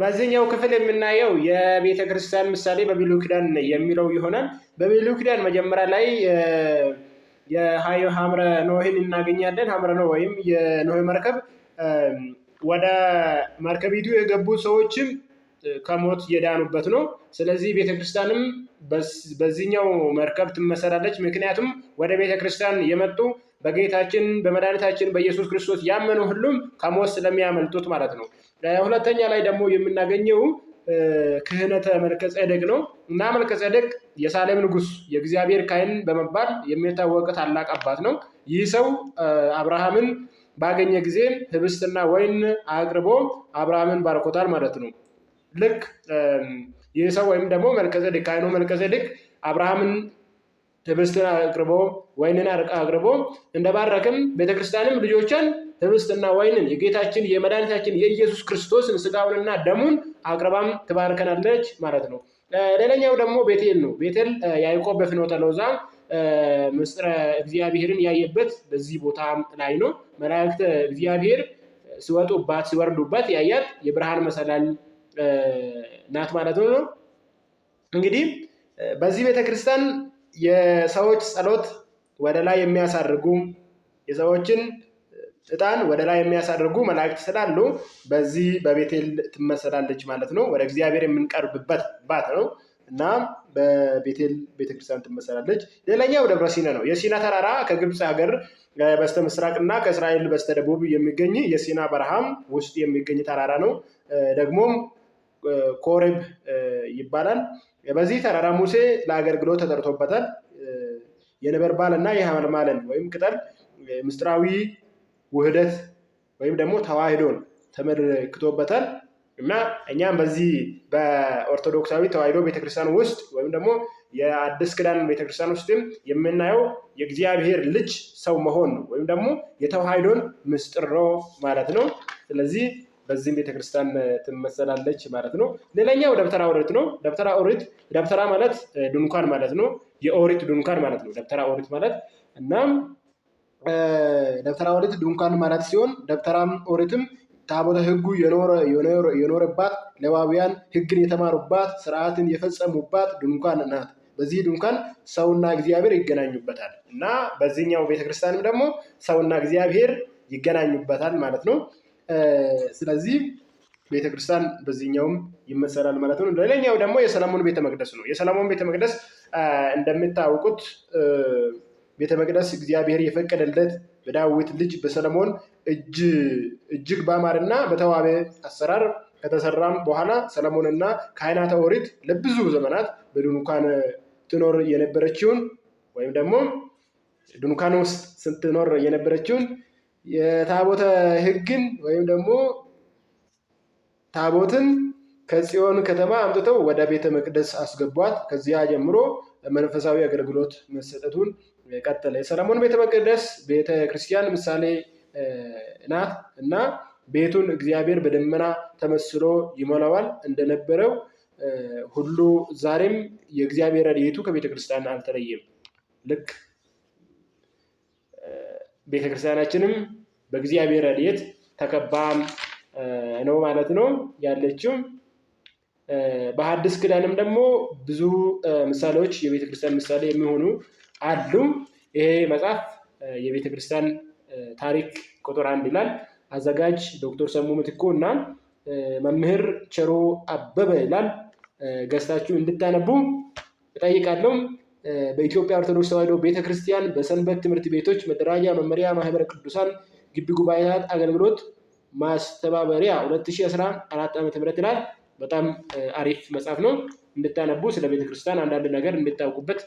በዚህኛው ክፍል የምናየው የቤተ ክርስቲያን ምሳሌ በብሉይ ኪዳን የሚለው ይሆናል። በብሉይ ኪዳን መጀመሪያ ላይ የሐምረ ኖህን እናገኛለን። ሐምረ ኖህ ወይም የኖህ መርከብ ወደ መርከቢቱ የገቡ ሰዎችም ከሞት የዳኑበት ነው። ስለዚህ ቤተክርስቲያንም በዚህኛው መርከብ ትመሰላለች። ምክንያቱም ወደ ቤተክርስቲያን የመጡ በጌታችን በመድኃኒታችን በኢየሱስ ክርስቶስ ያመኑ ሁሉም ከሞት ስለሚያመልጡት ማለት ነው። ሁለተኛ ላይ ደግሞ የምናገኘው ክህነተ መልከጼዴቅ ነው እና መልከጼዴቅ የሳሌም ንጉስ የእግዚአብሔር ካህን በመባል የሚታወቅ ታላቅ አባት ነው። ይህ ሰው አብርሃምን ባገኘ ጊዜ ህብስትና ወይን አቅርቦ አብርሃምን ባርኮታል ማለት ነው። ልክ ይህ ሰው ወይም ደግሞ መልከጼዴቅ ካህኑ መልከጼዴቅ አብርሃምን ህብስትን አቅርቦ ወይንን አቅርቦ እንደባረክም ቤተክርስቲያንም ልጆቿን ህብስትና ወይንን የጌታችን የመድኃኒታችን የኢየሱስ ክርስቶስን ስጋውንና ደሙን አቅርባም ትባርከናለች ማለት ነው። ሌላኛው ደግሞ ቤቴል ነው። ቤቴል ያዕቆብ በፍኖተ ሎዛ ምስጥረ እግዚአብሔርን ያየበት በዚህ ቦታ ላይ ነው። መላእክት እግዚአብሔር ሲወጡባት ሲወርዱባት ያያት የብርሃን መሰላል ናት ማለት ነው። እንግዲህ በዚህ ቤተክርስቲያን የሰዎች ጸሎት ወደ ላይ የሚያሳርጉ የሰዎችን እጣን ወደ ላይ የሚያሳርጉ መላእክት ስላሉ በዚህ በቤቴል ትመሰላለች ማለት ነው። ወደ እግዚአብሔር የምንቀርብበት ባት ነው እና በቤቴል ቤተክርስቲያን ትመሰላለች። ሌላኛው ደብረ ሲነ ነው። የሲና ተራራ ከግብፅ ሀገር በስተ እና ከእስራኤል በስተ ደቡብ የሚገኝ የሲና በረሃም ውስጥ የሚገኝ ተራራ ነው። ደግሞም ኮሬብ ይባላል። በዚህ ተራራ ሙሴ ለአገልግሎት ተጠርቶበታል። የነበልባል እና የሐመልማልን ወይም ቅጠል ምስጢራዊ ውህደት ወይም ደግሞ ተዋህዶን ተመልክቶበታል እና እኛም በዚህ በኦርቶዶክሳዊ ተዋህዶ ቤተክርስቲያን ውስጥ ወይም ደግሞ የአዲስ ክዳን ቤተክርስቲያን ውስጥም የምናየው የእግዚአብሔር ልጅ ሰው መሆን ነው ወይም ደግሞ የተዋህዶን ምስጢር ነው ማለት ነው። ስለዚህ በዚህም ቤተክርስቲያን ትመሰላለች ማለት ነው። ሌላኛው ደብተራ ኦሪት ነው። ደብተራ ኦሪት ደብተራ ማለት ድንኳን ማለት ነው። የኦሪት ድንኳን ማለት ነው። ደብተራ ኦሪት ማለት እናም ደብተራ ኦሪት ድንኳን ማለት ሲሆን ደብተራም ኦሪትም ታቦተ ሕጉ የኖረባት ሌዋውያን ሕግን የተማሩባት ስርዓትን የፈጸሙባት ድንኳን ናት። በዚህ ድንኳን ሰውና እግዚአብሔር ይገናኙበታል እና በዚህኛው ቤተክርስቲያንም ደግሞ ሰውና እግዚአብሔር ይገናኙበታል ማለት ነው። ስለዚህ ቤተክርስቲያን በዚህኛውም ይመሰላል ማለት ነው። ሌላኛው ደግሞ የሰለሞን ቤተ መቅደስ ነው። የሰለሞን ቤተ መቅደስ እንደምታውቁት ቤተ መቅደስ እግዚአብሔር የፈቀደለት በዳዊት ልጅ በሰለሞን እጅግ ባማረና በተዋበ አሰራር ከተሰራም በኋላ ሰለሞንና ካህናተ ኦሪት ለብዙ ዘመናት በድንኳን ትኖር የነበረችውን ወይም ደግሞ ድንኳን ውስጥ ስትኖር የነበረችውን የታቦተ ሕግን ወይም ደግሞ ታቦትን ከጽዮን ከተማ አምጥተው ወደ ቤተ መቅደስ አስገቧት። ከዚያ ጀምሮ መንፈሳዊ አገልግሎት መሰጠቱን ቀጠለ። የሰለሞን ቤተ መቅደስ ቤተ ክርስቲያን ምሳሌ ናት እና ቤቱን እግዚአብሔር በደመና ተመስሎ ይሞላዋል እንደነበረው ሁሉ ዛሬም የእግዚአብሔር ረድኤቱ ከቤተ ክርስቲያን አልተለየም። ልክ ቤተክርስቲያናችንም በእግዚአብሔር ረድኤት ተከባም ነው ማለት ነው ያለችው። በሐዲስ ኪዳንም ደግሞ ብዙ ምሳሌዎች የቤተክርስቲያን ምሳሌ የሚሆኑ አሉ። ይሄ መጽሐፍ የቤተክርስቲያን ታሪክ ቁጥር አንድ ይላል። አዘጋጅ ዶክተር ሰሙ ምትኮ እና መምህር ቸሮ አበበ ይላል። ገዝታችሁ እንድታነቡ እጠይቃለሁ። በኢትዮጵያ ኦርቶዶክስ ተዋሕዶ ቤተክርስቲያን በሰንበት ትምህርት ቤቶች መደራጃ መመሪያ ማህበረ ቅዱሳን ግቢ ጉባኤያት አገልግሎት ማስተባበሪያ 2014 ም ይላል። በጣም አሪፍ መጽሐፍ ነው። እንድታነቡ ስለ ቤተክርስቲያን አንዳንድ ነገር እንድታውቁበት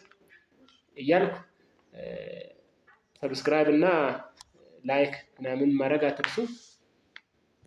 እያልኩ ሰብስክራይብ እና ላይክ ምናምን ማድረግ አትርሱ።